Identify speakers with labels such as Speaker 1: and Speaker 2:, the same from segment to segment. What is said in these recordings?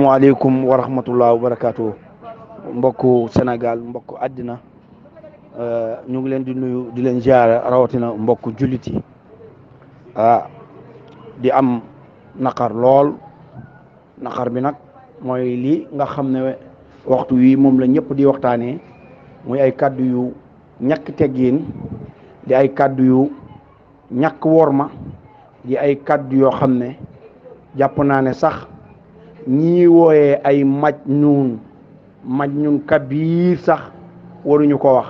Speaker 1: assalamualaikum warahmatullahi wabarakatuh. wa Senegal, mbokku Adina, mbokku àddina euh, ñu ngi leen di nuyu di leen rawatina mbokku juliti ah di am nakar lol nakar bi nak moy li nga xamne waxtu wi mom la ñepp di waxtane muy ay kaddu yu ñak teggin di ay kaddu yu ñak worma di ay kaddu yo xamne ne sax. ñii wooyee ay maj ñuun maj ñun kabiir sax waruñu ko wax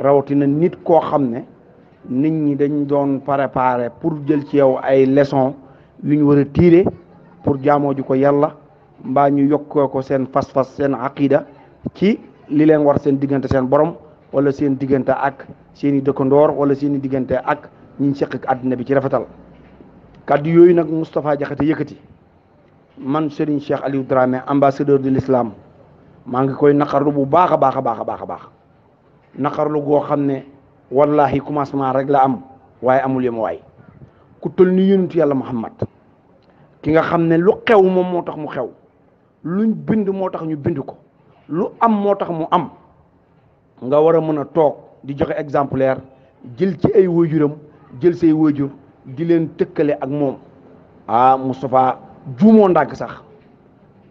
Speaker 1: rawatina nit koo xam ne nit ñi dañ doon préparé pour jël ci yow ay leçon yu ñu war a tiire pour jaamoo ju ko yàlla mbaa ñu yokkoo ko seen fas-fas seen aqida ci li leen war seen diggante seen borom wala seen diggante ak seeni dëkkandoor wala seeni diggante ak ñi seq ak bi ci rafetal kàddu yooyu nag Moustapha Jaxate yëkkati man Serigne Cheikh Aliou Dramé ambassadeur de l'islam maa ngi koy naqarlu bu baax a baax a baax a baax a baax naqarlu goo xam ne wallahi commencement rek la am waaye amul yem waay ku tël ni yonentu yàlla Muhammad ki nga xam ne lu xew moom moo tax mu xew luñ bind moo tax ñu bind ko lu am moo tax mu am nga war a mën a toog di joxe exemplaire jël ci ay waajuram jël say waajur di leen tëkkale ak moom ah Moustapha juumoo ndànk sax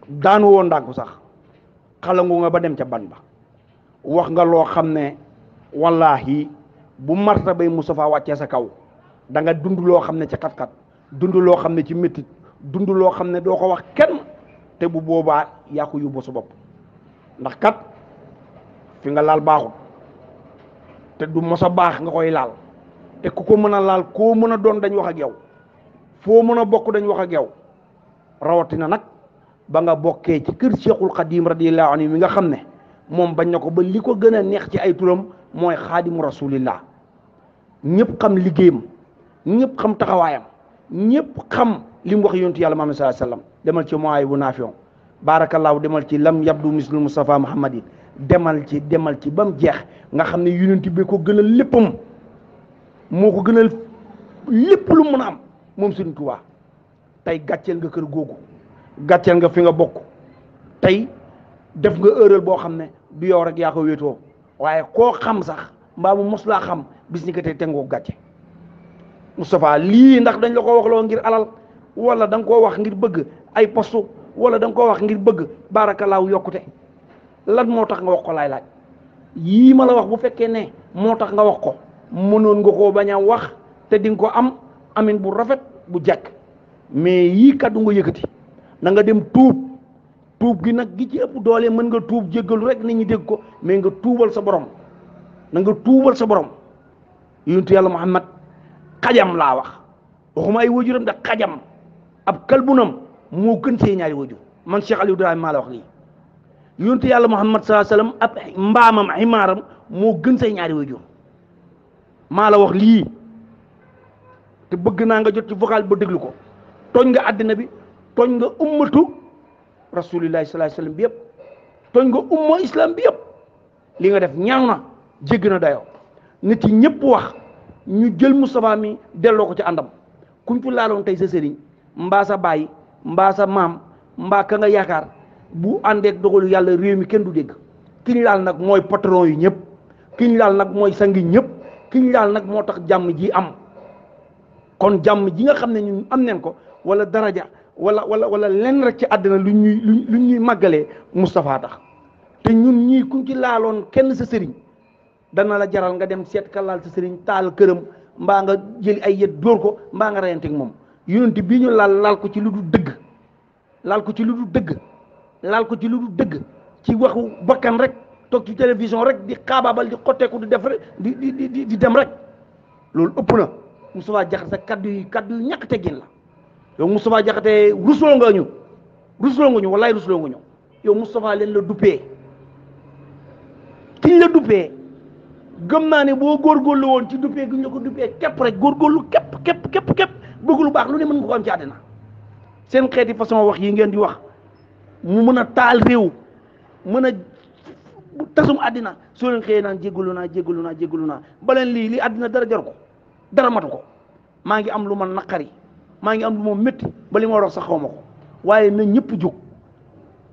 Speaker 1: daan woo ndànk sax xalangu nga ba dem ca ban ba wax nga loo xam ne wallaahi bu marta bay Moustapha wàccee sa kaw da nga dund loo xam ne ci xat-xat dund loo xam ne ci méttit dund loo xam ne doo ko wax kenn te bu boobaa yàqu yu yóbbu sa bopp ndax kat fi nga laal baaxut te du mos a baax nga koy laal te ku ko mën a laal koo mën a doon dañ wax ak yow foo mën a bokk dañ wax ak yow rawatina nag ba nga bokkee ci kër Cheikhul Xadim radiyallahu anhu mi nga xam ne moom bañ na ko ba li ko gën neex ci ay turam mooy xaadimu rasulillah ñëpp xam liggéeyam ñëpp xam taxawaayam ñëpp xam li mu wax yontu yàlla Muhammad sallallahu alayhi wa demal ci mooy bu naafion baarakallaahu demal ci lam yabdu mislu Mustafa Muhammadin demal ci demal ci ba mu jeex nga xam ne yonent bi ko gënal léppam moo ko gënal lépp lu mën a am moom Sëriñ Tuubaa tey gàcceel nga kër googu gàcceel nga fi nga bokk tey def nga erreur boo xam ne bi yow rek yaa ko wéetoo waaye koo xam sax mbaa mu mos laa xam bis ni ko tey tengoo gàcce Moustapha lii ndax dañ la ko waxloo ngir alal wala danga koo wax ngir bëgg ay postu wala danga nga koo wax ngir bëgg barakalaaw yokkute lan moo tax nga wax ko laay laaj yii ma la wax bu fekkee ne moo tax nga wax ko mënoon nga koo bañ wax te dinga ko am amin bu rafet bu jekk mais yi kaddu nga yëkëti na nga dem tuub tuub gi nag gi ci ëpp doole mën nga tuub jéggalu rek nit ñi dégg ko mais nga tuubal sa borom na nga tuubal sa borom yuntu yàlla muhammad xajam laa wax waxuma ay wajuram da xajam ab kalbunam moo gën see ñaari wajur man cheikh aliou ibrahim maa wax lii yàlla muhammad saa sallam ab mbaamam ximaaram moo gën say ñaari wajur maa la wax lii te bëgg naa nga jot ci vocal ba déglu ko tooñ nga àddina bi tooñ nga ummatu rasulillahi sallallahu alayhi bi yëpp tooñ nga umma islam bi yëpp li nga def ñaaw na jégg na dayoo nit yi ñëpp wax ñu jël Moustapha mi delloo ko ci àndam kuñ fi laaloon tey sa sëriñ mbaa sa baay mbaa sa maam mbaa ka nga yaakaar bu àndeek dogalu yàlla réew mi kenn du dégg ki ñu laal nag mooy patron yu ñëpp ki ñu laal nag mooy sangi ñëpp kiñ ñu laal nag moo tax jàmm ji am kon jàmm ji nga xam ne ñun am neen ko wala daraja wala wala wala lenn rek ci àddina lu ñuy lu ñuy màggalee Moustapha tax te ñun ñii kuñ ci laaloon kenn sa sëriñ dana la jaral nga dem seet ka laal sa sëriñ taal këram mbaa nga jëli ay yet dóor ko mbaa nga reyanteeg moom yonent bii ñu laal laal ko ci lu du dëgg laal ko ci lu du dëgg laal ko ci lu du dëgg ci waxu bakkan rek toog ci télévision rek di xaabaabal di xotteeku di def rek di di di dem rek loolu ëpp na Moustapha Diakhaté sa kaddu yi kaddu yu ñàkk yow Moustapha jaxate rusloo nga ñu rusloo nga ñu wallahi rusloo nga ñu yow Moustapha len la dupe ki la duppee gëm bo gor gor lu won ci duppee gi ñu kep rek gor gor lu kep kep kep kep bëgg lu baax lu ne mën ko am ci adina seen xéeti façon wax yi ngeen di wax mu mëna taal rew mëna tasum adina, so len xëyee naan jégalu naa jégalu naa li naa dara jar ko dara matu ko maa ngi am lu ma naqari maa ngi am moom métti ba li ma war sax xaw ma ko waaye na ñëpp jug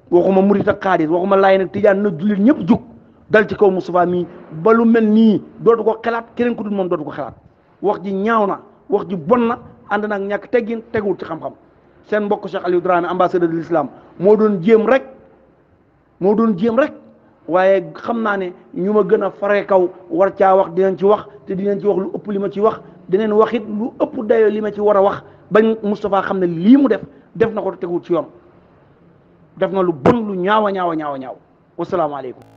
Speaker 1: waxuma murit ak xaadir waxuma laay nag tijaan na jullit ñëpp jug dal ci kaw Moustapha mii ba lu mel nii dootu ko xalaat keneen ku dul moom dootu ko xalaat wax ji ñaaw na wax ji bon na ànd naag ñàkk teggin teguwul ci xam-xam seen mbokk Cheikh Aliou Dramé ambassadeur de l'islam moo doon jéem rek moo doon jéem rek waaye xam naa ne ñu ma gën a fare kaw war caa wax dinañ ci wax te dinañ ci wax lu ëpp li ma ci wax dinañ wax it lu ëpp dayoo li ma ci war a wax bañ Moustapha xam ne lii mu def def na ko teguwul ci yoon def na lu bon lu ñaaw a ñaaw a ñaaw a ñaaw wasalaamaaleykum